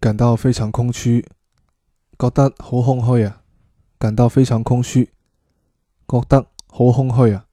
感到非常空虛，覺得好空虛啊！感到非常空虛，覺得好空虛啊！